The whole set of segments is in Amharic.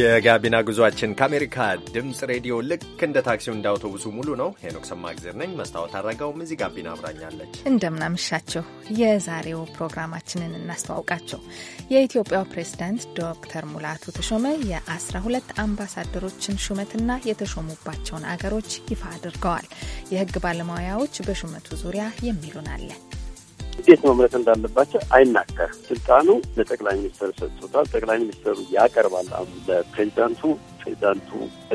የጋቢና ጉዟችን ከአሜሪካ ድምፅ ሬዲዮ ልክ እንደ ታክሲው እንደ አውቶቡሱ ሙሉ ነው። ሄኖክ ሰማእግዜር ነኝ። መስታወት አረጋውም እዚህ ጋቢና አብራኛለች። እንደምናመሻቸው የዛሬው ፕሮግራማችንን እናስተዋውቃቸው። የኢትዮጵያው ፕሬዝዳንት ዶክተር ሙላቱ ተሾመ የ12 አምባሳደሮችን ሹመትና የተሾሙባቸውን አገሮች ይፋ አድርገዋል። የህግ ባለሙያዎች በሹመቱ ዙሪያ የሚሉን አለን። እንዴት መምረት እንዳለባቸው አይናገርም። ስልጣኑ ለጠቅላይ ሚኒስትር ሰጥቶታል። ጠቅላይ ሚኒስትሩ ያቀርባል ለፕሬዚዳንቱ። ፕሬዚዳንቱ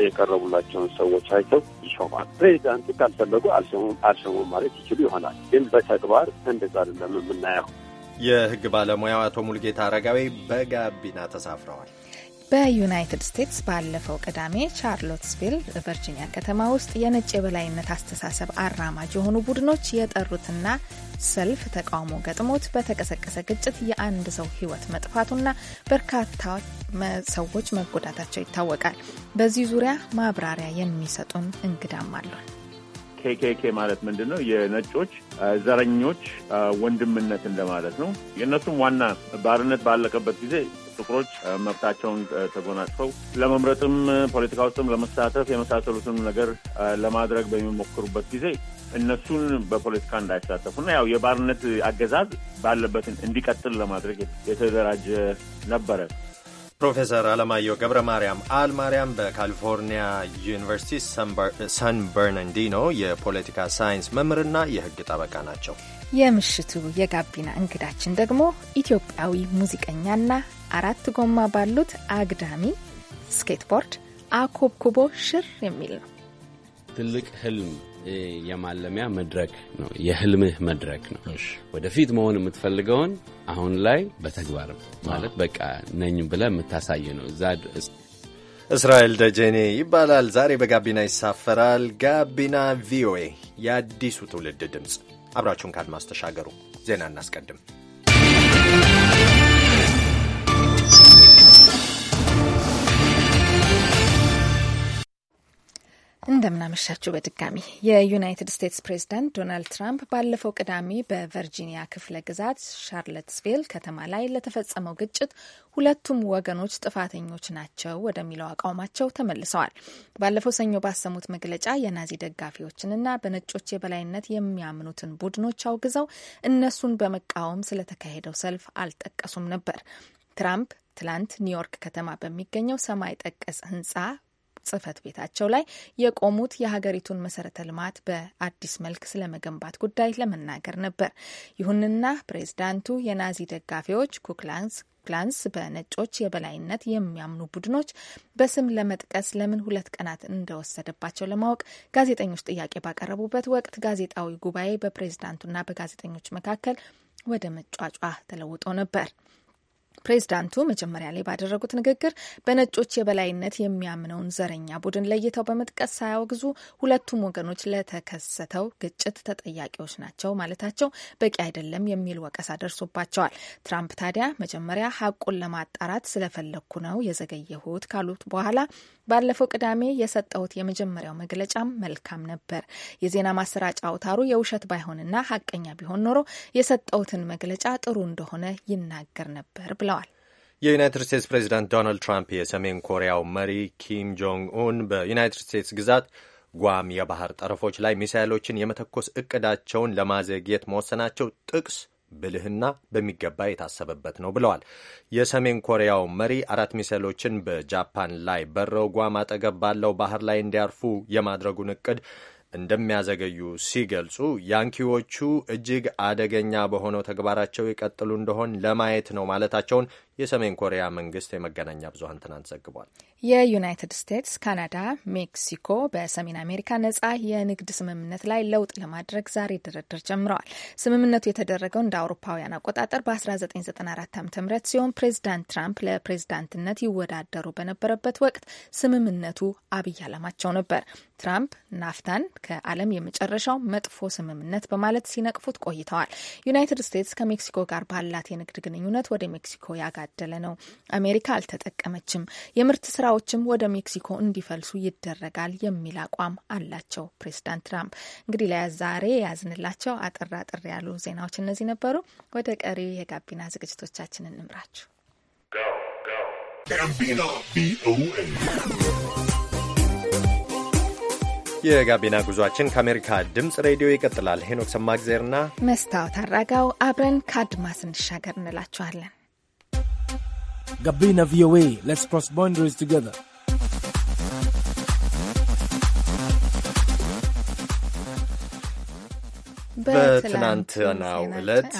የቀረቡላቸውን ሰዎች አይተው ይሾማል። ፕሬዚዳንቱ ካልፈለጉ አልሾሙም ማለት ይችሉ ይሆናል። ግን በተግባር እንደዛ አይደለም የምናየው። የህግ ባለሙያው አቶ ሙልጌታ አረጋዊ በጋቢና ተሳፍረዋል። በዩናይትድ ስቴትስ ባለፈው ቅዳሜ ቻርሎትስቪል ቨርጂኒያ ከተማ ውስጥ የነጭ የበላይነት አስተሳሰብ አራማጅ የሆኑ ቡድኖች የጠሩትና ሰልፍ ተቃውሞ ገጥሞት በተቀሰቀሰ ግጭት የአንድ ሰው ሕይወት መጥፋቱና በርካታ ሰዎች መጎዳታቸው ይታወቃል። በዚህ ዙሪያ ማብራሪያ የሚሰጡን እንግዳም አሉን። ኬኬኬ ማለት ምንድን ነው? የነጮች ዘረኞች ወንድምነት እንደማለት ነው። የእነሱም ዋና ባርነት ባለቀበት ጊዜ ጥቁሮች መብታቸውን ተጎናጽፈው ለመምረጥም ፖለቲካ ውስጥም ለመሳተፍ የመሳሰሉትን ነገር ለማድረግ በሚሞክሩበት ጊዜ እነሱን በፖለቲካ እንዳይሳተፉና ያው የባርነት አገዛዝ ባለበትን እንዲቀጥል ለማድረግ የተደራጀ ነበረ። ፕሮፌሰር አለማየሁ ገብረ ማርያም አል ማርያም በካሊፎርኒያ ዩኒቨርሲቲ ሳን በርናንዲኖ የፖለቲካ ሳይንስ መምህርና የሕግ ጠበቃ ናቸው። የምሽቱ የጋቢና እንግዳችን ደግሞ ኢትዮጵያዊ ሙዚቀኛና አራት ጎማ ባሉት አግዳሚ ስኬትቦርድ አኮብኩቦ ሽር የሚል ነው። ትልቅ ህልም የማለሚያ መድረክ ነው። የህልምህ መድረክ ነው። ወደፊት መሆን የምትፈልገውን አሁን ላይ በተግባር ማለት በቃ ነኝ ብለህ የምታሳይ ነው እዛ እስራኤል ደጀኔ ይባላል። ዛሬ በጋቢና ይሳፈራል። ጋቢና ቪኦኤ የአዲሱ ትውልድ ድምፅ። አብራችሁን ካድማስ ተሻገሩ። ዜና እናስቀድም። እንደምናመሻችሁ በድጋሚ የዩናይትድ ስቴትስ ፕሬዝዳንት ዶናልድ ትራምፕ ባለፈው ቅዳሜ በቨርጂኒያ ክፍለ ግዛት ሻርለትስቪል ከተማ ላይ ለተፈጸመው ግጭት ሁለቱም ወገኖች ጥፋተኞች ናቸው ወደሚለው አቋማቸው ተመልሰዋል። ባለፈው ሰኞ ባሰሙት መግለጫ የናዚ ደጋፊዎችንና በነጮች የበላይነት የሚያምኑትን ቡድኖች አውግዘው እነሱን በመቃወም ስለተካሄደው ሰልፍ አልጠቀሱም ነበር። ትራምፕ ትላንት ኒውዮርክ ከተማ በሚገኘው ሰማይ ጠቀስ ህንጻ ጽህፈት ቤታቸው ላይ የቆሙት የሀገሪቱን መሰረተ ልማት በአዲስ መልክ ስለመገንባት ጉዳይ ለመናገር ነበር። ይሁንና ፕሬዝዳንቱ የናዚ ደጋፊዎች ኩክላንስ ክላንስ በነጮች የበላይነት የሚያምኑ ቡድኖች በስም ለመጥቀስ ለምን ሁለት ቀናት እንደወሰደባቸው ለማወቅ ጋዜጠኞች ጥያቄ ባቀረቡበት ወቅት ጋዜጣዊ ጉባኤ በፕሬዝዳንቱና በጋዜጠኞች መካከል ወደ መጫጫ ተለውጦ ነበር። ፕሬዚዳንቱ መጀመሪያ ላይ ባደረጉት ንግግር በነጮች የበላይነት የሚያምነውን ዘረኛ ቡድን ለይተው በመጥቀስ ሳያወግዙ ሁለቱም ወገኖች ለተከሰተው ግጭት ተጠያቂዎች ናቸው ማለታቸው በቂ አይደለም የሚል ወቀሳ ደርሶባቸዋል። ትራምፕ ታዲያ መጀመሪያ ሀቁን ለማጣራት ስለፈለግኩ ነው የዘገየሁት ካሉት በኋላ ባለፈው ቅዳሜ የሰጠሁት የመጀመሪያው መግለጫም መልካም ነበር። የዜና ማሰራጫ አውታሩ የውሸት ባይሆንና ሀቀኛ ቢሆን ኖሮ የሰጠሁትን መግለጫ ጥሩ እንደሆነ ይናገር ነበር ብለዋል። የዩናይትድ ስቴትስ ፕሬዚዳንት ዶናልድ ትራምፕ የሰሜን ኮሪያው መሪ ኪም ጆንግ ኡን በዩናይትድ ስቴትስ ግዛት ጓም የባህር ጠረፎች ላይ ሚሳይሎችን የመተኮስ እቅዳቸውን ለማዘግየት መወሰናቸው ጥቅስ ብልህና በሚገባ የታሰበበት ነው ብለዋል። የሰሜን ኮሪያው መሪ አራት ሚሳይሎችን በጃፓን ላይ በረው ጓም አጠገብ ባለው ባህር ላይ እንዲያርፉ የማድረጉን እቅድ እንደሚያዘገዩ ሲገልጹ ያንኪዎቹ እጅግ አደገኛ በሆነው ተግባራቸው ይቀጥሉ እንደሆን ለማየት ነው ማለታቸውን የሰሜን ኮሪያ መንግስት የመገናኛ ብዙሀን ትናንት ዘግቧል። የዩናይትድ ስቴትስ፣ ካናዳ፣ ሜክሲኮ በሰሜን አሜሪካ ነጻ የንግድ ስምምነት ላይ ለውጥ ለማድረግ ዛሬ ድርድር ጀምረዋል። ስምምነቱ የተደረገው እንደ አውሮፓውያን አቆጣጠር በ1994 ዓ.ም ሲሆን ፕሬዚዳንት ትራምፕ ለፕሬዚዳንትነት ይወዳደሩ በነበረበት ወቅት ስምምነቱ አብይ አላማቸው ነበር። ትራምፕ ናፍታን ከዓለም የመጨረሻው መጥፎ ስምምነት በማለት ሲነቅፉት ቆይተዋል። ዩናይትድ ስቴትስ ከሜክሲኮ ጋር ባላት የንግድ ግንኙነት ወደ ሜክሲኮ ያጋ የተደላደለ ነው። አሜሪካ አልተጠቀመችም፣ የምርት ስራዎችም ወደ ሜክሲኮ እንዲፈልሱ ይደረጋል የሚል አቋም አላቸው ፕሬዚዳንት ትራምፕ። እንግዲህ ለዛሬ ያዝንላቸው አጠር አጠር ያሉ ዜናዎች እነዚህ ነበሩ። ወደ ቀሪ የጋቢና ዝግጅቶቻችን እንምራችሁ። የጋቢና ጉዟችን ከአሜሪካ ድምፅ ሬዲዮ ይቀጥላል። ሄኖክ ሰማግዜርና መስታወት አራጋው አብረን ከአድማስ እንሻገር እንላችኋለን። Gabina VOA. E. Let's cross boundaries together. በትናንትናው ዕለት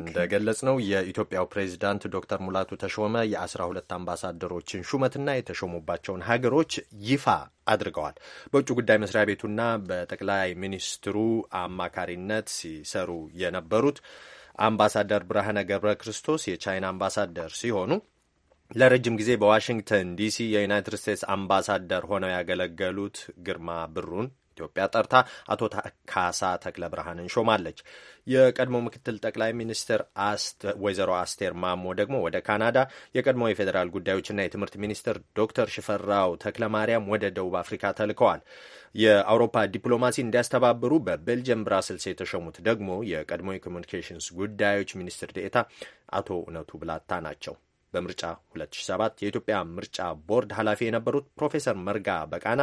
እንደገለጽ ነው የኢትዮጵያው ፕሬዚዳንት ዶክተር ሙላቱ ተሾመ የአስራ ሁለት አምባሳደሮችን ሹመትና የተሾሙባቸውን ሀገሮች ይፋ አድርገዋል። በውጭ ጉዳይ መስሪያ ቤቱና በጠቅላይ ሚኒስትሩ አማካሪነት ሲሰሩ የነበሩት አምባሳደር ብርሃነ ገብረ ክርስቶስ የቻይና አምባሳደር ሲሆኑ ለረጅም ጊዜ በዋሽንግተን ዲሲ የዩናይትድ ስቴትስ አምባሳደር ሆነው ያገለገሉት ግርማ ብሩን ኢትዮጵያ ጠርታ አቶ ካሳ ተክለ ብርሃንን ሾማለች። የቀድሞ ምክትል ጠቅላይ ሚኒስትር ወይዘሮ አስቴር ማሞ ደግሞ ወደ ካናዳ፣ የቀድሞ የፌዴራል ጉዳዮችና የትምህርት ሚኒስትር ዶክተር ሽፈራው ተክለ ማርያም ወደ ደቡብ አፍሪካ ተልከዋል። የአውሮፓ ዲፕሎማሲ እንዲያስተባብሩ በቤልጅየም ብራስልስ የተሾሙት ደግሞ የቀድሞ የኮሚኒኬሽንስ ጉዳዮች ሚኒስትር ዴኤታ አቶ እውነቱ ብላታ ናቸው። በምርጫ 2007 የኢትዮጵያ ምርጫ ቦርድ ኃላፊ የነበሩት ፕሮፌሰር መርጋ በቃና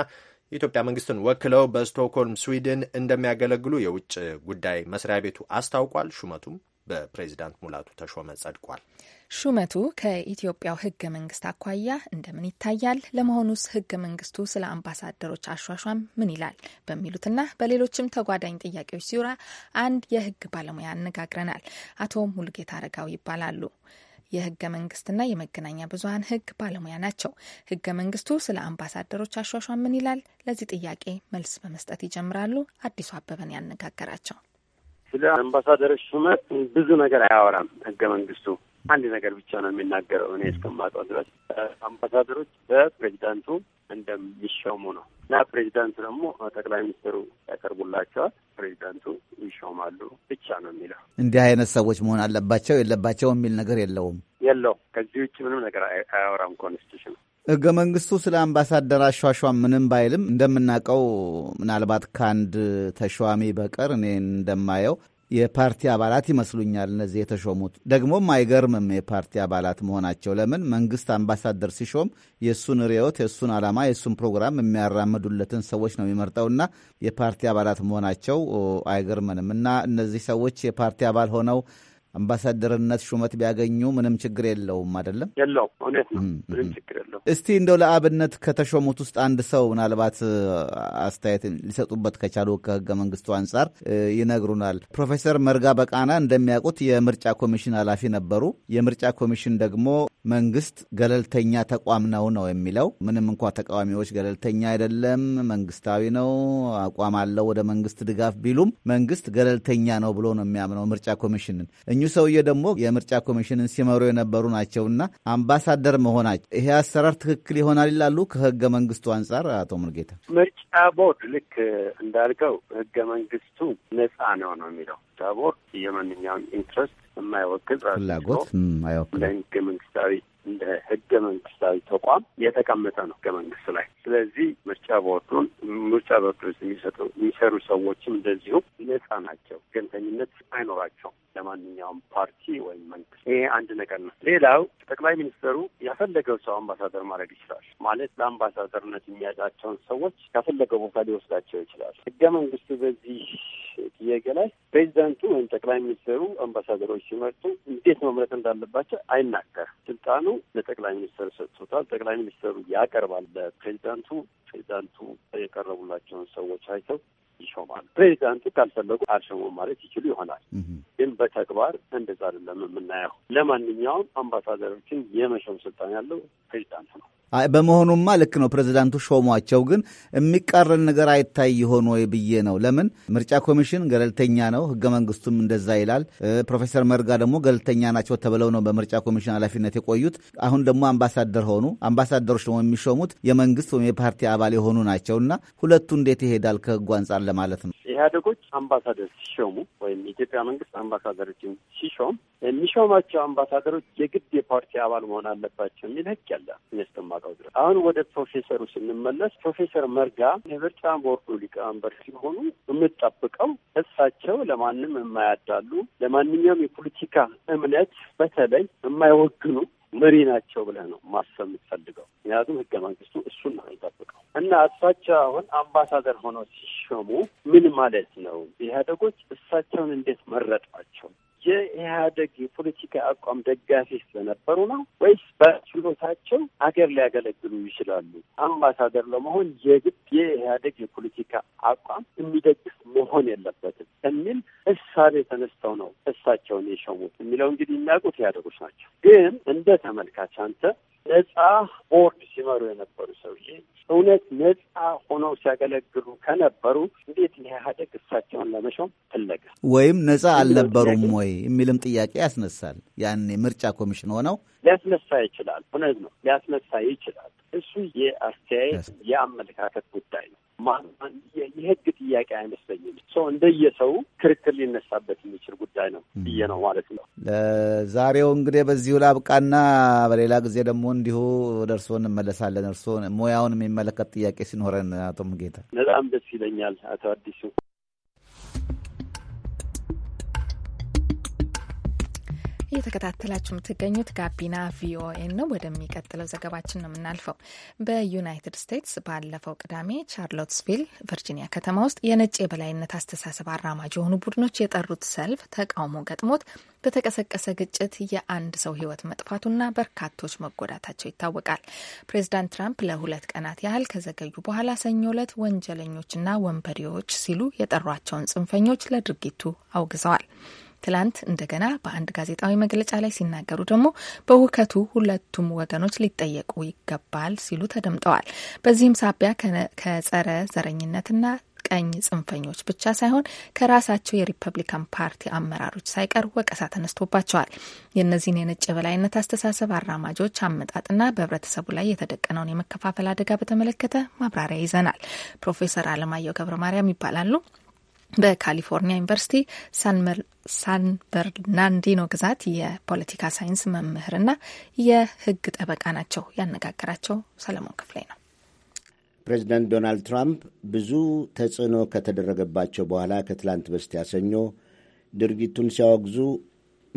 የኢትዮጵያ መንግስትን ወክለው በስቶክሆልም ስዊድን እንደሚያገለግሉ የውጭ ጉዳይ መስሪያ ቤቱ አስታውቋል። ሹመቱም በፕሬዚዳንት ሙላቱ ተሾመ ጸድቋል። ሹመቱ ከኢትዮጵያው ህገ መንግስት አኳያ እንደምን ይታያል? ለመሆኑስ ህገ መንግስቱ ስለ አምባሳደሮች አሿሿም ምን ይላል? በሚሉትና በሌሎችም ተጓዳኝ ጥያቄዎች ዙሪያ አንድ የህግ ባለሙያ አነጋግረናል። አቶ ሙሉጌታ አረጋው ይባላሉ። የህገ መንግስትና የመገናኛ ብዙሀን ህግ ባለሙያ ናቸው። ህገ መንግስቱ ስለ አምባሳደሮች አሿሿም ምን ይላል? ለዚህ ጥያቄ መልስ በመስጠት ይጀምራሉ። አዲሱ አበበን ያነጋገራቸው። ስለ አምባሳደሮች ሹመት ብዙ ነገር አያወራም ህገ መንግስቱ። አንድ ነገር ብቻ ነው የሚናገረው እኔ እስከማውቀው ድረስ አምባሳደሮች በፕሬዚዳንቱ እንደሚሾሙ ነው እና ፕሬዚዳንቱ ደግሞ ጠቅላይ ሚኒስትሩ ያቀርቡላቸዋል። ፕሬዚዳንቱ ይሾማሉ ብቻ ነው የሚለው። እንዲህ አይነት ሰዎች መሆን አለባቸው የለባቸውም የሚል ነገር የለውም የለውም። ከዚህ ውጭ ምንም ነገር አያወራም ኮንስቲቱሽኑ። ህገ መንግስቱ ስለ አምባሳደር አሿሿም ምንም ባይልም እንደምናውቀው ምናልባት ከአንድ ተሿሚ በቀር እኔ እንደማየው የፓርቲ አባላት ይመስሉኛል እነዚህ የተሾሙት። ደግሞም አይገርምም የፓርቲ አባላት መሆናቸው። ለምን መንግስት አምባሳደር ሲሾም የእሱን ርዕዮት፣ የእሱን ዓላማ፣ የእሱን ፕሮግራም የሚያራምዱለትን ሰዎች ነው የሚመርጠውና የፓርቲ አባላት መሆናቸው አይገርምንም። እና እነዚህ ሰዎች የፓርቲ አባል ሆነው አምባሳደርነት ሹመት ቢያገኙ ምንም ችግር የለውም። አይደለም የለውም፣ እውነት ነው። ምንም ችግር የለውም። እስቲ እንደው ለአብነት ከተሾሙት ውስጥ አንድ ሰው ምናልባት አስተያየት ሊሰጡበት ከቻሉ ከህገ መንግስቱ አንጻር ይነግሩናል። ፕሮፌሰር መርጋ በቃና እንደሚያውቁት የምርጫ ኮሚሽን ኃላፊ ነበሩ። የምርጫ ኮሚሽን ደግሞ መንግስት ገለልተኛ ተቋም ነው ነው የሚለው ምንም እንኳ ተቃዋሚዎች ገለልተኛ አይደለም መንግስታዊ ነው አቋም አለው ወደ መንግስት ድጋፍ ቢሉም መንግስት ገለልተኛ ነው ብሎ ነው የሚያምነው ምርጫ ኮሚሽንን እኚሁ ሰውዬ ደግሞ የምርጫ ኮሚሽንን ሲመሩ የነበሩ ናቸውና አምባሳደር መሆናቸው ይሄ አሰራር ትክክል ይሆናል ይላሉ ከህገ መንግስቱ አንጻር? አቶ ሙልጌታ ምርጫ ቦርድ ልክ እንዳልከው ህገ መንግስቱ ነጻ ነው ነው የሚለው ምርጫ ቦርድ የማንኛውም ኢንትረስት የማይወክል ፍላጎት ለህገ መንግስታዊ እንደ ህገ መንግስታዊ ተቋም የተቀመጠ ነው ህገ መንግስት ላይ። ስለዚህ ምርጫ ቦርዱን ምርጫ ቦርዱ የሚሰሩ ሰዎችም እንደዚሁ ነጻ ናቸው፣ ገንተኝነት አይኖራቸውም ለማንኛውም ፓርቲ ወይም መንግስት። ይሄ አንድ ነገር ነው። ሌላው ጠቅላይ ሚኒስትሩ ያፈለገው ሰው አምባሳደር ማድረግ ይችላል። ማለት ለአምባሳደርነት የሚያጫቸውን ሰዎች ያፈለገው ቦታ ሊወስዳቸው ይችላል። ህገ መንግስቱ በዚህ ጥያቄ ላይ ፕሬዚዳንቱ ወይም ጠቅላይ ሚኒስትሩ አምባሳደሮች ሲመርጡ እንዴት መምረጥ እንዳለባቸው አይናገርም። ስልጣኑ ለጠቅላይ ሚኒስተር ሰጥቶታል። ጠቅላይ ሚኒስተሩ ያቀርባል ለፕሬዚዳንቱ። ፕሬዚዳንቱ የቀረቡላቸውን ሰዎች አይተው ይሾማል። ፕሬዚዳንቱ ካልፈለጉ አልሾሙም ማለት ይችሉ ይሆናል። ግን በተግባር እንደዛ አይደለም የምናየው። ለማንኛውም አምባሳደሮችን የመሾም ስልጣን ያለው ፕሬዚዳንቱ ነው። በመሆኑማ ልክ ነው። ፕሬዚዳንቱ ሾሟቸው። ግን የሚቃረን ነገር አይታይ ይሆን ወይ ብዬ ነው። ለምን ምርጫ ኮሚሽን ገለልተኛ ነው፣ ህገ መንግስቱም እንደዛ ይላል። ፕሮፌሰር መርጋ ደግሞ ገለልተኛ ናቸው ተብለው ነው በምርጫ ኮሚሽን ኃላፊነት የቆዩት። አሁን ደግሞ አምባሳደር ሆኑ። አምባሳደሮች ደግሞ የሚሾሙት የመንግስት ወይም የፓርቲ አባል የሆኑ ናቸው እና ሁለቱ እንዴት ይሄዳል ከህጉ አንጻር ይሆናል ለማለት ነው። ኢህአዴጎች አምባሳደር ሲሾሙ ወይም የኢትዮጵያ መንግስት አምባሳደሮችን ሲሾም የሚሾማቸው አምባሳደሮች የግድ የፓርቲ አባል መሆን አለባቸው የሚል ህግ ያለ እያስተማቀው ድረስ። አሁን ወደ ፕሮፌሰሩ ስንመለስ ፕሮፌሰር መርጋ የምርጫ ቦርዱ ሊቀመንበር ሲሆኑ የምጠብቀው እሳቸው ለማንም የማያዳሉ ለማንኛውም የፖለቲካ እምነት በተለይ የማይወግኑ መሪ ናቸው ብለህ ነው ማሰብ የምትፈልገው። ምክንያቱም ህገ መንግስቱ እሱን ነው የሚጠብቀው እና እሳቸው አሁን አምባሳደር ሆነው ሲሾሙ ምን ማለት ነው? ኢህአዴጎች እሳቸውን እንዴት መረጧቸው? የኢህአደግ የፖለቲካ አቋም ደጋፊ ስለነበሩ ነው ወይስ በችሎታቸው ሀገር ሊያገለግሉ ይችላሉ? አምባሳደር ለመሆን የግድ የኢህአደግ የፖለቲካ አቋም የሚደግፍ መሆን የለበትም የሚል እሳቤ ተነስተው ነው እሳቸውን የሸሙት የሚለው እንግዲህ የሚያውቁት ኢህአደጎች ናቸው። ግን እንደ ተመልካች አንተ ነጻ ቦርድ ሲመሩ የነበሩ ሰውዬ እውነት ነጻ ሆነው ሲያገለግሉ ከነበሩ እንዴት ኢህአደግ እሳቸውን ለመሾም ፈለገ? ወይም ነጻ አልነበሩም ወይ የሚልም ጥያቄ ያስነሳል። ያን የምርጫ ኮሚሽን ሆነው ሊያስነሳ ይችላል። እውነት ነው፣ ሊያስነሳ ይችላል። እሱ የአስተያየት የአመለካከት ጉዳይ ነው። ማን የህግ ጥያቄ አይመስለኝም። ሰው እንደየሰው ክርክር ሊነሳበት የሚችል ጉዳይ ነው hmm. ብዬ ነው ማለት ነው። ዛሬው እንግዲህ በዚሁ ላብቃና በሌላ ጊዜ ደግሞ እንዲሁ ወደ እርስዎ እንመለሳለን። እርስዎ ሙያውን የሚመለከት ጥያቄ ሲኖረን አቶ ሙጌታ በጣም ደስ ይለኛል። አቶ አዲሱ እየተከታተላችሁ የምትገኙት ጋቢና ቪኦኤ ነው። ወደሚቀጥለው ዘገባችን ነው የምናልፈው። በዩናይትድ ስቴትስ ባለፈው ቅዳሜ ቻርሎትስቪል ቨርጂኒያ ከተማ ውስጥ የነጭ የበላይነት አስተሳሰብ አራማጅ የሆኑ ቡድኖች የጠሩት ሰልፍ ተቃውሞ ገጥሞት በተቀሰቀሰ ግጭት የአንድ ሰው ሕይወት መጥፋቱና በርካቶች መጎዳታቸው ይታወቃል። ፕሬዚዳንት ትራምፕ ለሁለት ቀናት ያህል ከዘገዩ በኋላ ሰኞ ዕለት ወንጀለኞችና ወንበዴዎች ሲሉ የጠሯቸውን ጽንፈኞች ለድርጊቱ አውግዘዋል። ትላንት እንደገና በአንድ ጋዜጣዊ መግለጫ ላይ ሲናገሩ ደግሞ በውከቱ ሁለቱም ወገኖች ሊጠየቁ ይገባል ሲሉ ተደምጠዋል። በዚህም ሳቢያ ከጸረ ዘረኝነትና ቀኝ ጽንፈኞች ብቻ ሳይሆን ከራሳቸው የሪፐብሊካን ፓርቲ አመራሮች ሳይቀር ወቀሳ ተነስቶባቸዋል። የእነዚህን የነጭ የበላይነት አስተሳሰብ አራማጆች አመጣጥና በህብረተሰቡ ላይ የተደቀነውን የመከፋፈል አደጋ በተመለከተ ማብራሪያ ይዘናል። ፕሮፌሰር አለማየሁ ገብረ ማርያም ይባላሉ። በካሊፎርኒያ ዩኒቨርሲቲ ሳን በርናንዲኖ ግዛት የፖለቲካ ሳይንስ መምህርና የሕግ ጠበቃ ናቸው። ያነጋገራቸው ሰለሞን ክፍሌ ነው። ፕሬዚዳንት ዶናልድ ትራምፕ ብዙ ተጽዕኖ ከተደረገባቸው በኋላ ከትላንት በስቲያ ሰኞ ድርጊቱን ሲያወግዙ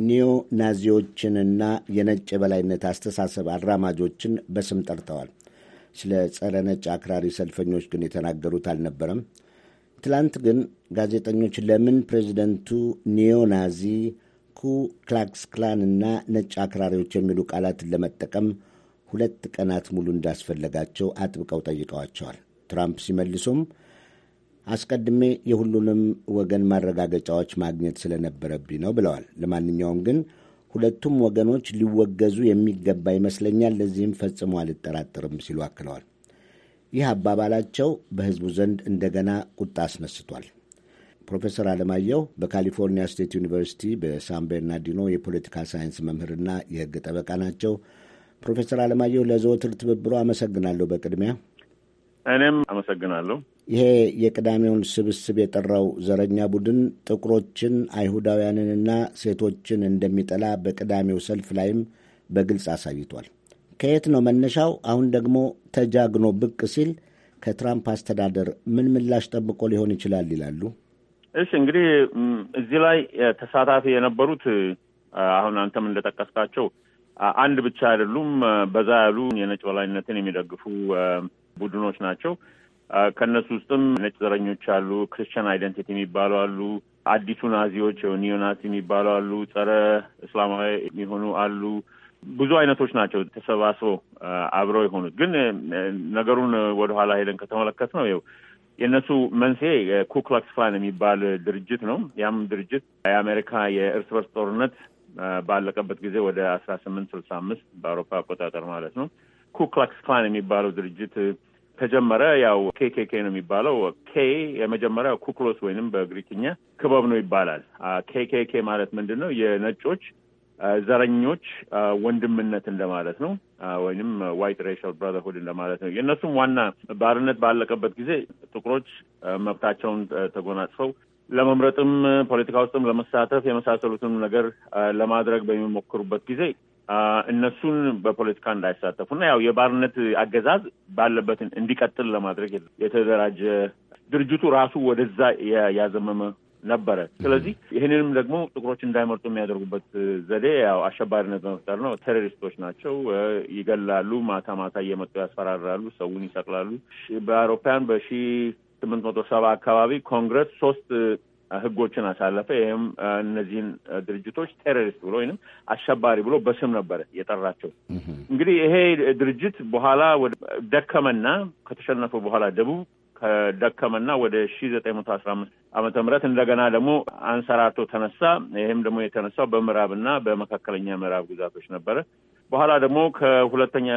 ኒዮ ናዚዎችንና የነጭ የበላይነት አስተሳሰብ አራማጆችን በስም ጠርተዋል። ስለ ጸረ ነጭ አክራሪ ሰልፈኞች ግን የተናገሩት አልነበረም። ትላንት ግን ጋዜጠኞች ለምን ፕሬዚደንቱ ኒዮናዚ ኩ ክላክስ ክላን እና ነጭ አክራሪዎች የሚሉ ቃላትን ለመጠቀም ሁለት ቀናት ሙሉ እንዳስፈለጋቸው አጥብቀው ጠይቀዋቸዋል። ትራምፕ ሲመልሱም አስቀድሜ የሁሉንም ወገን ማረጋገጫዎች ማግኘት ስለነበረብኝ ነው ብለዋል። ለማንኛውም ግን ሁለቱም ወገኖች ሊወገዙ የሚገባ ይመስለኛል። ለዚህም ፈጽሞ አልጠራጠርም ሲሉ አክለዋል። ይህ አባባላቸው በሕዝቡ ዘንድ እንደገና ቁጣ አስነስቷል። ፕሮፌሰር አለማየሁ በካሊፎርኒያ ስቴት ዩኒቨርሲቲ በሳን ቤርናርዲኖ የፖለቲካ ሳይንስ መምህርና የሕግ ጠበቃ ናቸው። ፕሮፌሰር አለማየሁ ለዘወትር ትብብሮ አመሰግናለሁ። በቅድሚያ እኔም አመሰግናለሁ። ይሄ የቅዳሜውን ስብስብ የጠራው ዘረኛ ቡድን ጥቁሮችን፣ አይሁዳውያንንና ሴቶችን እንደሚጠላ በቅዳሜው ሰልፍ ላይም በግልጽ አሳይቷል። ከየት ነው መነሻው? አሁን ደግሞ ተጃግኖ ብቅ ሲል ከትራምፕ አስተዳደር ምን ምላሽ ጠብቆ ሊሆን ይችላል ይላሉ። እሺ እንግዲህ እዚህ ላይ ተሳታፊ የነበሩት አሁን አንተም እንደጠቀስካቸው አንድ ብቻ አይደሉም። በዛ ያሉ የነጭ በላይነትን የሚደግፉ ቡድኖች ናቸው። ከእነሱ ውስጥም ነጭ ዘረኞች አሉ፣ ክርስቲያን አይደንቲቲ የሚባሉ አሉ፣ አዲሱ ናዚዎች ኒዮናዚ የሚባሉ አሉ፣ ጸረ እስላማዊ የሚሆኑ አሉ ብዙ አይነቶች ናቸው ተሰባስበው አብረው የሆኑት። ግን ነገሩን ወደኋላ ሄደን ከተመለከት ነው ይኸው የእነሱ መንስኤ ኩክላክስ ክላን የሚባል ድርጅት ነው። ያም ድርጅት የአሜሪካ የእርስ በርስ ጦርነት ባለቀበት ጊዜ ወደ አስራ ስምንት ስልሳ አምስት በአውሮፓ አቆጣጠር ማለት ነው ኩክላክስ ክላን የሚባለው ድርጅት ተጀመረ። ያው ኬኬኬ ነው የሚባለው። ኬ የመጀመሪያው ኩክሎስ ወይንም በግሪክኛ ክበብ ነው ይባላል። ኬኬኬ ማለት ምንድን ነው? የነጮች ዘረኞች ወንድምነት እንደማለት ነው፣ ወይም ዋይት ሬሻል ብራዘርሁድ እንደማለት ነው። የእነሱም ዋና ባርነት ባለቀበት ጊዜ ጥቁሮች መብታቸውን ተጎናጽፈው ለመምረጥም ፖለቲካ ውስጥም ለመሳተፍ የመሳሰሉትን ነገር ለማድረግ በሚሞክሩበት ጊዜ እነሱን በፖለቲካ እንዳይሳተፉ እና ያው የባርነት አገዛዝ ባለበትን እንዲቀጥል ለማድረግ የተደራጀ ድርጅቱ ራሱ ወደዛ ያዘመመ ነበረ። ስለዚህ ይህንንም ደግሞ ጥቁሮች እንዳይመርጡ የሚያደርጉበት ዘዴ ያው አሸባሪነት በመፍጠር ነው። ቴሮሪስቶች ናቸው፣ ይገላሉ፣ ማታ ማታ እየመጡ ያስፈራራሉ፣ ሰውን ይሰቅላሉ። በአውሮፓውያን በሺ ስምንት መቶ ሰባ አካባቢ ኮንግረስ ሶስት ህጎችን አሳለፈ። ይህም እነዚህን ድርጅቶች ቴሮሪስት ብሎ ወይም አሸባሪ ብሎ በስም ነበረ የጠራቸው። እንግዲህ ይሄ ድርጅት በኋላ ደከመና ከተሸነፈ በኋላ ደቡብ ከደከመና ወደ ሺ ዘጠኝ መቶ አስራ አምስት ዓመተ ምህረት እንደገና ደግሞ አንሰራቶ ተነሳ። ይህም ደግሞ የተነሳው በምዕራብና በመካከለኛ ምዕራብ ግዛቶች ነበረ። በኋላ ደግሞ ከሁለተኛ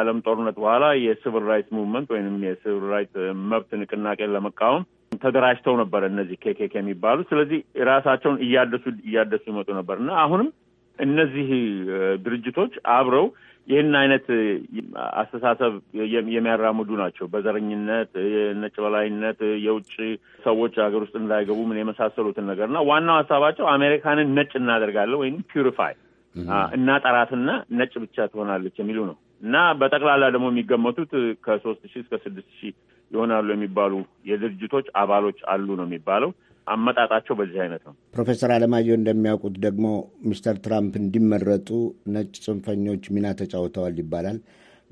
ዓለም ጦርነት በኋላ የሲቪል ራይት ሙቭመንት ወይም የሲቪል ራይት መብት ንቅናቄን ለመቃወም ተደራጅተው ነበር እነዚህ ኬኬኬ የሚባሉ። ስለዚህ ራሳቸውን እያደሱ እያደሱ ይመጡ ነበር እና አሁንም እነዚህ ድርጅቶች አብረው ይህን አይነት አስተሳሰብ የሚያራምዱ ናቸው። በዘረኝነት፣ ነጭ በላይነት፣ የውጭ ሰዎች ሀገር ውስጥ እንዳይገቡ ምን የመሳሰሉትን ነገር እና ዋናው ሀሳባቸው አሜሪካንን ነጭ እናደርጋለን ወይም ፒውሪፋይ እና ጠራትና ነጭ ብቻ ትሆናለች የሚሉ ነው እና በጠቅላላ ደግሞ የሚገመቱት ከሶስት ሺህ እስከ ስድስት ሺህ ይሆናሉ የሚባሉ የድርጅቶች አባሎች አሉ ነው የሚባለው። አመጣጣቸው በዚህ አይነት ነው። ፕሮፌሰር አለማየሁ እንደሚያውቁት ደግሞ ሚስተር ትራምፕ እንዲመረጡ ነጭ ጽንፈኞች ሚና ተጫውተዋል ይባላል።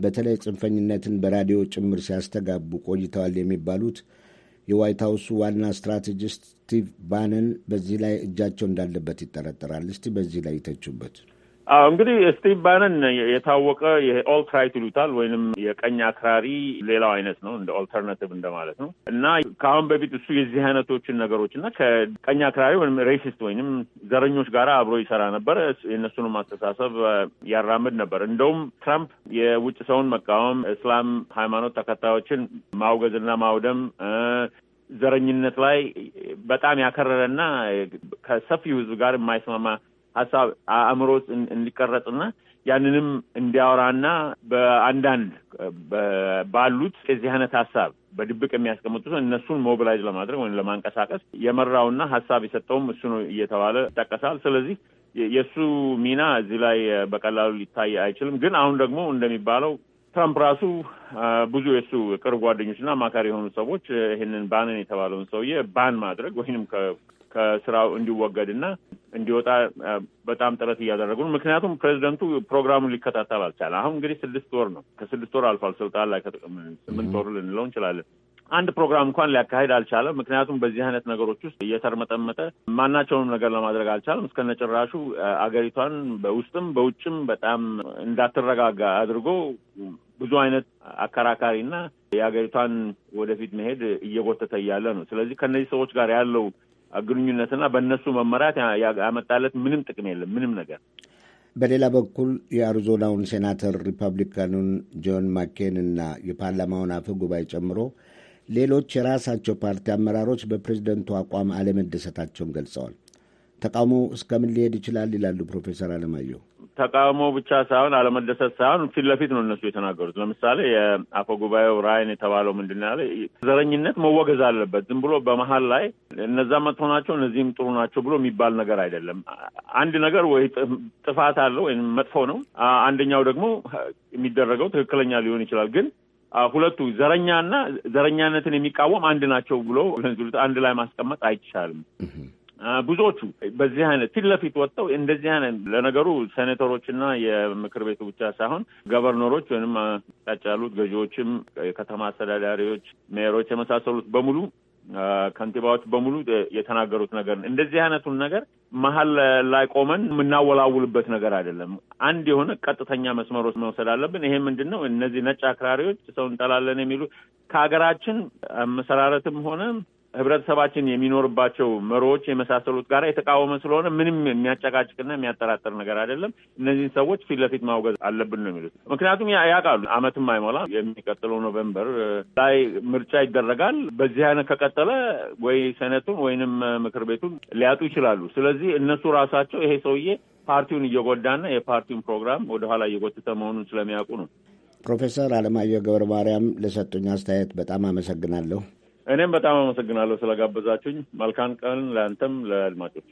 በተለይ ጽንፈኝነትን በራዲዮ ጭምር ሲያስተጋቡ ቆይተዋል የሚባሉት የዋይት ሀውሱ ዋና ስትራቴጂስት ስቲቭ ባነን በዚህ ላይ እጃቸው እንዳለበት ይጠረጠራል። እስቲ በዚህ ላይ ይተቹበት። አዎ እንግዲህ ስቲቭ ባነን የታወቀ የኦልት ራይት ይሉታል ወይንም የቀኝ አክራሪ ሌላው አይነት ነው፣ እንደ ኦልተርናቲቭ እንደማለት ነው። እና ከአሁን በፊት እሱ የዚህ አይነቶችን ነገሮች እና ከቀኝ አክራሪ ወይም ሬሲስት ወይንም ዘረኞች ጋር አብሮ ይሰራ ነበር። የእነሱንም አስተሳሰብ ያራምድ ነበር። እንደውም ትራምፕ የውጭ ሰውን መቃወም፣ እስላም ሃይማኖት ተከታዮችን ማውገዝና ማውደም ዘረኝነት ላይ በጣም ያከረረ እና ከሰፊው ህዝብ ጋር የማይስማማ ሀሳብ አእምሮ ውስጥ እንዲቀረጽና ያንንም እንዲያወራና በአንዳንድ ባሉት የዚህ አይነት ሀሳብ በድብቅ የሚያስቀምጡት እነሱን ሞቢላይዝ ለማድረግ ወይም ለማንቀሳቀስ የመራውና ሀሳብ የሰጠውም እሱ ነው እየተባለ ይጠቀሳል። ስለዚህ የእሱ ሚና እዚህ ላይ በቀላሉ ሊታይ አይችልም። ግን አሁን ደግሞ እንደሚባለው ትራምፕ ራሱ ብዙ የእሱ ቅርብ ጓደኞችና አማካሪ የሆኑ ሰዎች ይህንን ባንን የተባለውን ሰውዬ ባን ማድረግ ወይንም ከስራው እንዲወገድና እንዲወጣ በጣም ጥረት እያደረጉ ነው። ምክንያቱም ፕሬዚደንቱ ፕሮግራሙን ሊከታተል አልቻለም። አሁን እንግዲህ ስድስት ወር ነው፣ ከስድስት ወር አልፏል ስልጣን ላይ ስምንት ወር ልንለው እንችላለን። አንድ ፕሮግራም እንኳን ሊያካሂድ አልቻለም። ምክንያቱም በዚህ አይነት ነገሮች ውስጥ እየተርመጠመጠ ማናቸውንም ነገር ለማድረግ አልቻለም። እስከነ ጭራሹ አገሪቷን በውስጥም በውጭም በጣም እንዳትረጋጋ አድርጎ ብዙ አይነት አከራካሪና የሀገሪቷን ወደፊት መሄድ እየጎተተ እያለ ነው። ስለዚህ ከእነዚህ ሰዎች ጋር ያለው ግንኙነትና በእነሱ መመራት ያመጣለት ምንም ጥቅም የለም፣ ምንም ነገር። በሌላ በኩል የአሪዞናውን ሴናተር ሪፐብሊካኑን ጆን ማኬን እና የፓርላማውን አፈ ጉባኤ ጨምሮ ሌሎች የራሳቸው ፓርቲ አመራሮች በፕሬዝደንቱ አቋም አለመደሰታቸውን ገልጸዋል። ተቃውሞ እስከምን ሊሄድ ይችላል ይላሉ ፕሮፌሰር አለማየሁ? ተቃውሞ ብቻ ሳይሆን አለመደሰት ሳይሆን ፊት ለፊት ነው እነሱ የተናገሩት። ለምሳሌ የአፈ ጉባኤው ራይን የተባለው ምንድን ያለ ዘረኝነት መወገዝ አለበት። ዝም ብሎ በመሀል ላይ እነዛ መጥፎ ናቸው እነዚህም ጥሩ ናቸው ብሎ የሚባል ነገር አይደለም። አንድ ነገር ወይ ጥፋት አለው ወይም መጥፎ ነው፣ አንደኛው ደግሞ የሚደረገው ትክክለኛ ሊሆን ይችላል። ግን ሁለቱ ዘረኛና ዘረኛነትን የሚቃወም አንድ ናቸው ብሎ አንድ ላይ ማስቀመጥ አይቻልም። ብዙዎቹ በዚህ አይነት ፊት ለፊት ወጥተው እንደዚህ አይነት ለነገሩ ሴኔተሮችና የምክር ቤቱ ብቻ ሳይሆን ገቨርነሮች ወይም ጫጭ ያሉት ገዢዎችም፣ የከተማ አስተዳዳሪዎች፣ ሜሮች የመሳሰሉት በሙሉ ከንቲባዎች በሙሉ የተናገሩት ነገር ነው። እንደዚህ አይነቱን ነገር መሀል ላይ ቆመን የምናወላውልበት ነገር አይደለም። አንድ የሆነ ቀጥተኛ መስመር መውሰድ አለብን። ይሄ ምንድን ነው? እነዚህ ነጭ አክራሪዎች ሰው እንጠላለን የሚሉ ከሀገራችን መሰራረትም ሆነ ህብረተሰባችን የሚኖርባቸው መሮዎች የመሳሰሉት ጋር የተቃወመ ስለሆነ ምንም የሚያጨቃጭቅና የሚያጠራጥር ነገር አይደለም። እነዚህን ሰዎች ፊት ለፊት ማውገዝ አለብን ነው የሚሉት። ምክንያቱም ያውቃሉ አመትም አይሞላ የሚቀጥለው ኖቬምበር ላይ ምርጫ ይደረጋል። በዚህ አይነት ከቀጠለ ወይ ሴኔቱን ወይንም ምክር ቤቱን ሊያጡ ይችላሉ። ስለዚህ እነሱ ራሳቸው ይሄ ሰውዬ ፓርቲውን እየጎዳና የፓርቲውን ፕሮግራም ወደኋላ እየጎተተ መሆኑን ስለሚያውቁ ነው። ፕሮፌሰር አለማየሁ ገብረ ማርያም ለሰጡኝ አስተያየት በጣም አመሰግናለሁ። እኔም በጣም አመሰግናለሁ ስለጋበዛችሁኝ። መልካም ቀን ለአንተም ለአድማጮች።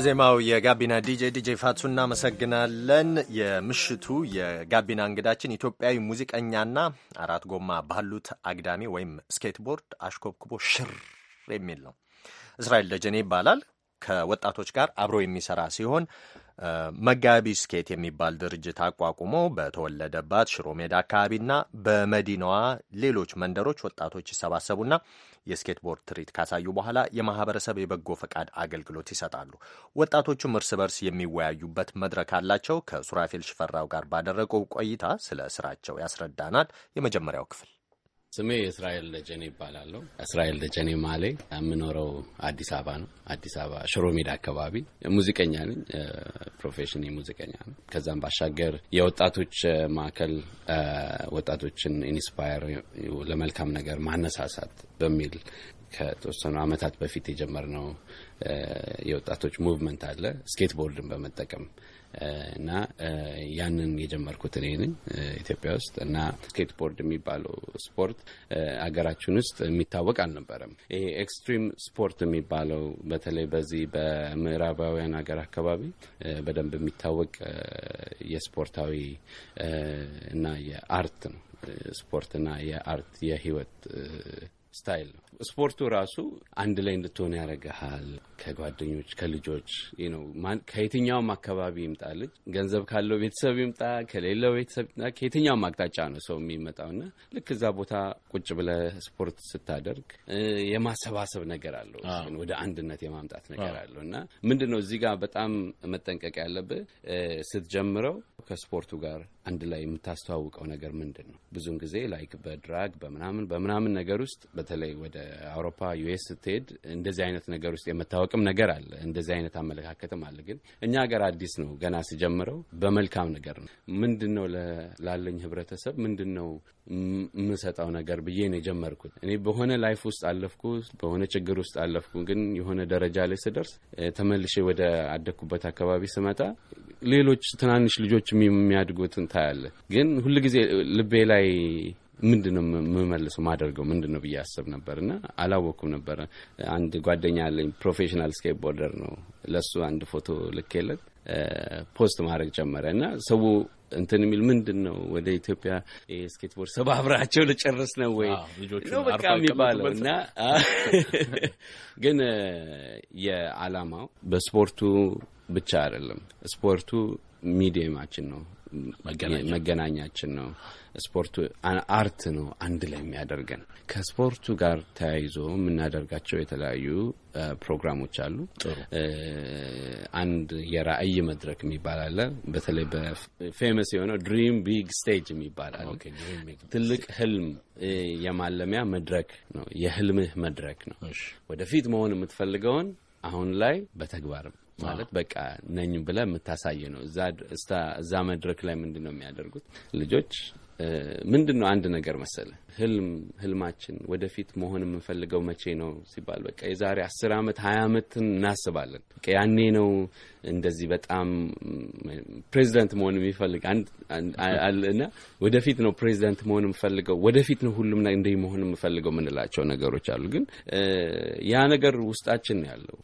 ለዜማው የጋቢና ዲጄ ዲጄ ፋቱ እናመሰግናለን። የምሽቱ የጋቢና እንግዳችን ኢትዮጵያዊ ሙዚቀኛና አራት ጎማ ባሉት አግዳሚ ወይም ስኬትቦርድ አሽኮብክቦ ሽር የሚል ነው። እስራኤል ደጀኔ ይባላል። ከወጣቶች ጋር አብሮ የሚሰራ ሲሆን መጋቢ ስኬት የሚባል ድርጅት አቋቁሞ በተወለደባት ሽሮ ሜዳ አካባቢና በመዲናዋ ሌሎች መንደሮች ወጣቶች ይሰባሰቡና የስኬትቦርድ ትርኢት ካሳዩ በኋላ የማህበረሰብ የበጎ ፈቃድ አገልግሎት ይሰጣሉ። ወጣቶቹም እርስ በርስ የሚወያዩበት መድረክ አላቸው። ከሱራፌል ሽፈራው ጋር ባደረገው ቆይታ ስለ ስራቸው ያስረዳናል። የመጀመሪያው ክፍል ስሜ እስራኤል ደጀኔ ይባላለሁ። እስራኤል ደጀኔ ማሌ። የምኖረው አዲስ አበባ ነው። አዲስ አበባ ሽሮ ሜዳ አካባቢ። ሙዚቀኛ ነኝ። ፕሮፌሽን ሙዚቀኛ ነው። ከዛም ባሻገር የወጣቶች ማዕከል ወጣቶችን ኢንስፓየር ለመልካም ነገር ማነሳሳት በሚል ከተወሰኑ ዓመታት በፊት የጀመርነው የወጣቶች ሙቭመንት አለ። ስኬትቦርድን በመጠቀም እና ያንን የጀመርኩት እኔ ነኝ ኢትዮጵያ ውስጥ እና ስኬት ቦርድ የሚባለው ስፖርት አገራችን ውስጥ የሚታወቅ አልነበረም። ይሄ ኤክስትሪም ስፖርት የሚባለው በተለይ በዚህ በምዕራባውያን ሀገር አካባቢ በደንብ የሚታወቅ የስፖርታዊ እና የአርት ነው። ስፖርትና የአርት የህይወት ስታይል ነው። ስፖርቱ ራሱ አንድ ላይ እንድትሆን ያደርግሃል ከጓደኞች ከልጆች ነው። ከየትኛውም አካባቢ ይምጣ ልጅ ገንዘብ ካለው ቤተሰብ ይምጣ ከሌለው ቤተሰብ ከየትኛውም አቅጣጫ ነው ሰው የሚመጣውና ልክ እዛ ቦታ ቁጭ ብለህ ስፖርት ስታደርግ የማሰባሰብ ነገር አለው። ወደ አንድነት የማምጣት ነገር አለው እና ምንድን ነው እዚህ ጋር በጣም መጠንቀቅ ያለብህ ስትጀምረው ከስፖርቱ ጋር አንድ ላይ የምታስተዋውቀው ነገር ምንድን ነው? ብዙን ጊዜ ላይክ በድራግ በምናምን በምናምን ነገር ውስጥ በተለይ ወደ አውሮፓ ዩኤስ ስትሄድ እንደዚህ አይነት ነገር ውስጥ የመታወቅም ነገር አለ፣ እንደዚህ አይነት አመለካከትም አለ። ግን እኛ ሀገር አዲስ ነው፣ ገና ስጀምረው በመልካም ነገር ነው። ምንድን ነው ላለኝ ህብረተሰብ ምንድን ነው የምሰጠው ነገር ብዬ ነው የጀመርኩት። እኔ በሆነ ላይፍ ውስጥ አለፍኩ፣ በሆነ ችግር ውስጥ አለፍኩ። ግን የሆነ ደረጃ ላይ ስደርስ ተመልሼ ወደ አደግኩበት አካባቢ ስመጣ ሌሎች ትናንሽ ልጆች የሚያድጉትን ታያለ። ግን ጊዜ ልቤ ላይ ምንድን ነው የምመልሰው ማደርገው ምንድን ነው ብዬ አስብ ነበር እና አላወቅኩም ነበረ። አንድ ጓደኛ ያለኝ ፕሮፌሽናል ስኬት ቦርደር ነው። ለሱ አንድ ፎቶ ልኬለት ፖስት ማድረግ ጀመረ እና ሰው እንትን የሚል ምንድን ነው ወደ ኢትዮጵያ ስኬትቦርድ ሰባብራቸው ልጨርስ ነው ወይ ነው በቃ የሚባለው እና ግን የዓላማው በስፖርቱ ብቻ አይደለም። ስፖርቱ ሚዲየማችን ነው፣ መገናኛችን ነው። ስፖርቱ አርት ነው፣ አንድ ላይ የሚያደርገን። ከስፖርቱ ጋር ተያይዞ የምናደርጋቸው የተለያዩ ፕሮግራሞች አሉ። አንድ የራዕይ መድረክ የሚባል አለ። በተለይ በፌመስ የሆነው ድሪም ቢግ ስቴጅ የሚባል አለ። ትልቅ ህልም የማለሚያ መድረክ ነው፣ የህልምህ መድረክ ነው። ወደፊት መሆን የምትፈልገውን አሁን ላይ በተግባርም ማለት በቃ ነኝ ብለ የምታሳይ ነው። እዛ መድረክ ላይ ምንድን ነው የሚያደርጉት ልጆች ምንድን ነው አንድ ነገር መሰለ ህልም ህልማችን ወደፊት መሆን የምንፈልገው መቼ ነው ሲባል በቃ የዛሬ አስር ዓመት ሀያ ዓመትን እናስባለን። በቃ ያኔ ነው እንደዚህ በጣም ፕሬዚደንት መሆን የሚፈልግ አለና ወደፊት ነው ፕሬዚደንት መሆን የምፈልገው ወደፊት ነው ሁሉም እንደ መሆን የምፈልገው የምንላቸው ነገሮች አሉ። ግን ያ ነገር ውስጣችን ነው ያለው።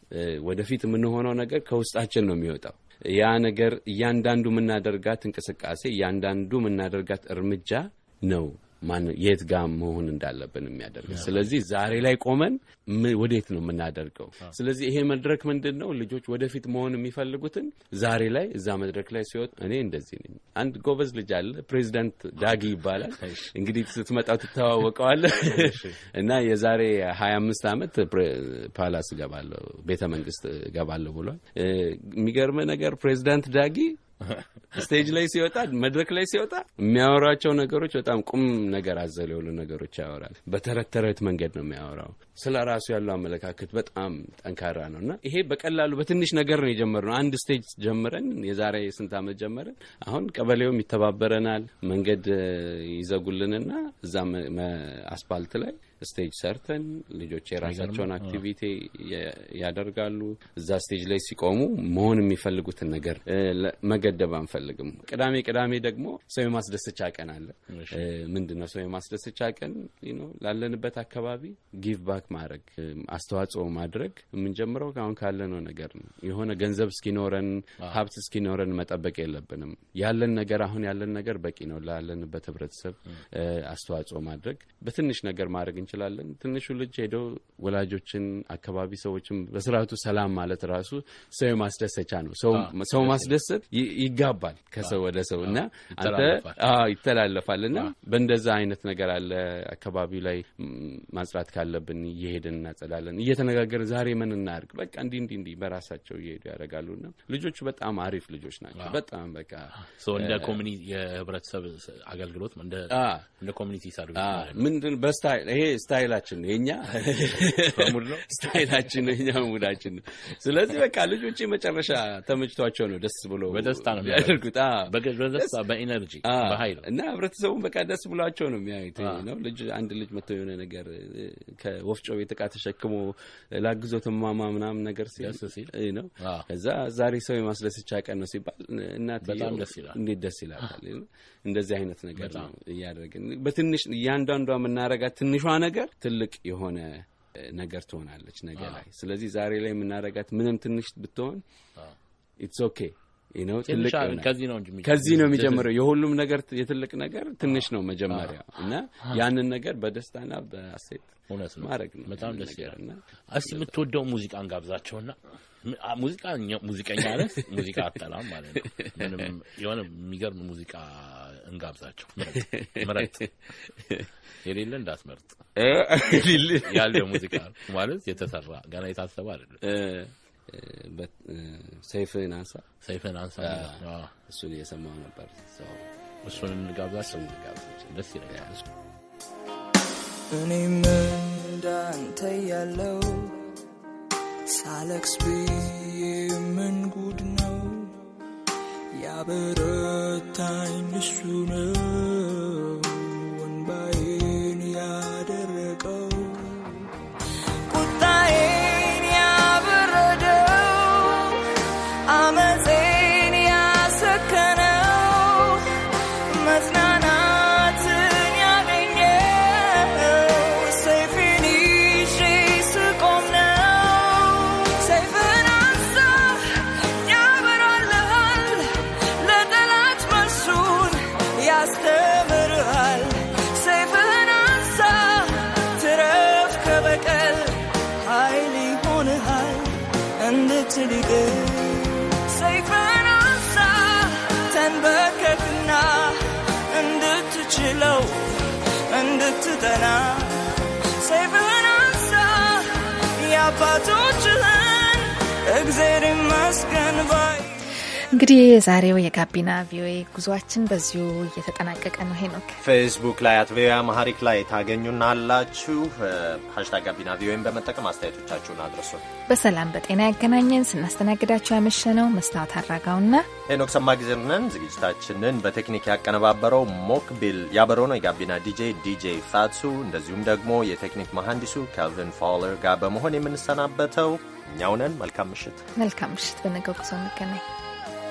ወደፊት የምንሆነው ነገር ከውስጣችን ነው የሚወጣው ያ ነገር እያንዳንዱ የምናደርጋት እንቅስቃሴ እያንዳንዱ የምናደርጋት እርምጃ ነው ማን የት ጋር መሆን እንዳለብን የሚያደርግ ስለዚህ ዛሬ ላይ ቆመን ወዴት ነው የምናደርገው? ስለዚህ ይሄ መድረክ ምንድን ነው ልጆች ወደፊት መሆን የሚፈልጉትን ዛሬ ላይ እዛ መድረክ ላይ ሲወጡ፣ እኔ እንደዚህ ነኝ። አንድ ጎበዝ ልጅ አለ፣ ፕሬዚዳንት ዳጊ ይባላል። እንግዲህ ስትመጣ ትተዋወቀዋለህ እና የዛሬ ሀያ አምስት ዓመት ፓላስ እገባለሁ ቤተ መንግስት እገባለሁ ብሏል። የሚገርም ነገር ፕሬዚዳንት ዳጊ ስቴጅ ላይ ሲወጣ መድረክ ላይ ሲወጣ የሚያወራቸው ነገሮች በጣም ቁም ነገር አዘል የሆኑ ነገሮች ያወራል። በተረት ተረት መንገድ ነው የሚያወራው። ስለ ራሱ ያለው አመለካከት በጣም ጠንካራ ነው እና ይሄ በቀላሉ በትንሽ ነገር ነው የጀመርነው። አንድ ስቴጅ ጀምረን የዛሬ ስንት ዓመት ጀመረን። አሁን ቀበሌውም ይተባበረናል። መንገድ ይዘጉልንና እዛ አስፓልት ላይ ስቴጅ ሰርተን ልጆች የራሳቸውን አክቲቪቲ ያደርጋሉ። እዛ ስቴጅ ላይ ሲቆሙ መሆን የሚፈልጉትን ነገር መገደብ አንፈልግም። ቅዳሜ ቅዳሜ ደግሞ ሰው የማስደሰቻ ቀን አለ። ምንድን ነው ሰው የማስደሰቻ ቀን? ላለንበት አካባቢ ጊቭ ባክ ማድረግ አስተዋጽኦ ማድረግ የምንጀምረው አሁን ካለነው ነገር ነው። የሆነ ገንዘብ እስኪኖረን ሀብት እስኪኖረን መጠበቅ የለብንም። ያለን ነገር አሁን ያለን ነገር በቂ ነው። ላለንበት ህብረተሰብ አስተዋጽኦ ማድረግ በትንሽ ነገር ማድረግ እንችላለን። ትንሹ ልጅ ሄዶ ወላጆችን፣ አካባቢ ሰዎችን በስርዓቱ ሰላም ማለት ራሱ ሰው የማስደሰቻ ነው። ሰው ማስደሰት ይጋባል ከሰው ወደ ሰው እና አንተ ይተላለፋል እና በእንደዛ አይነት ነገር አለ። አካባቢው ላይ ማጽራት ካለብን እየሄድን እናጸዳለን፣ እየተነጋገር ዛሬ ምን እናድርግ፣ በቃ እንዲህ እንዲህ እንዲህ በራሳቸው እየሄዱ ያደርጋሉ እና ልጆቹ በጣም አሪፍ ልጆች ናቸው። በጣም በቃ እንደ ኮሚኒቲ የህብረተሰብ አገልግሎት እንደ ኮሚኒቲ ሰርቪስ ምንድን በስታ ይሄ ስታይላችን ነው የኛ ስታይላችን ነው የኛ ሙዳችን ነው። ስለዚህ በቃ ልጆች መጨረሻ ተመችቷቸው ነው ደስ ብሎ በደስታ ነው የሚያደርጉት በኢነርጂ በሀይል እና ህብረተሰቡን በቃ ደስ ብሏቸው ነው የሚያዩት ነው። ልጅ አንድ ልጅ መቶ የሆነ ነገር ከወፍጮ ቤት እቃ ተሸክሞ ላግዞት ማማ ምናምን ነገር ሲል ነው ከዛ ዛሬ ሰው የማስደስቻ ቀን ነው ሲባል ደስ ይላል። እንዴት ደስ ይላል። እንደዚህ አይነት ነገር ነው እያደረግን በትንሽ እያንዳንዷ የምናረጋት ትንሿ ነ ነገር ትልቅ የሆነ ነገር ትሆናለች ነገ ላይ። ስለዚህ ዛሬ ላይ የምናደርጋት ምንም ትንሽ ብትሆን ኢትስ ኦኬ ነው ትልቅ ከዚህ ነው የሚጀምረው። የሁሉም ነገር የትልቅ ነገር ትንሽ ነው መጀመሪያ እና ያንን ነገር በደስታና በአሴት እውነት ማድረግ ነው። በጣም ደስ ይላል። እስቲ የምትወደው ሙዚቃ እንጋብዛቸውና ሙዚቃ ሙዚቀኛ ነህ፣ ሙዚቃ አጠላም ማለት ነው። ምንም የሆነ የሚገርም ሙዚቃ እንጋብዛቸው። ምረጥ፣ የሌለ እንዳትመርጥ ያለ ሙዚቃ ማለት የተሰራ ገና የታሰበ አይደለም። ሰይፍን አንሳ ሰይፍን አንሳ እሱን እየሰማሁ ነበር። እሱን እንጋብዛቸው ደስ ይለኛል። እኔም እንዳንተ ያለው ሳለክስ ብዬ ምን ጉድ ነው ያበረታኝ እሱ ነው ፈተና ሰይፍህን አንሳ የአባቶችህን እግዜር ይመስገን እንግዲህ የዛሬው የጋቢና ቪኦኤ ጉዟችን በዚሁ እየተጠናቀቀ ነው። ሄኖክ ፌስቡክ ላይ አት ቪኦኤ አማሪክ ላይ ታገኙናላችሁ። ሀሽታግ ጋቢና ቪኦኤን በመጠቀም አስተያየቶቻችሁን አድረሱ። በሰላም በጤና ያገናኘን። ስናስተናግዳችሁ ያመሸነው መስታወት አራጋውና ሄኖክ ሰማ ነን። ዝግጅታችንን በቴክኒክ ያቀነባበረው ሞክቢል ያበረው ነው። የጋቢና ዲጄ ዲጄ ፋትሱ እንደዚሁም ደግሞ የቴክኒክ መሐንዲሱ ካልቪን ፋውለር ጋር በመሆን የምንሰናበተው እኛው ነን። መልካም ምሽት። መልካም ምሽት። በነገው ጉዞ እንገናኝ።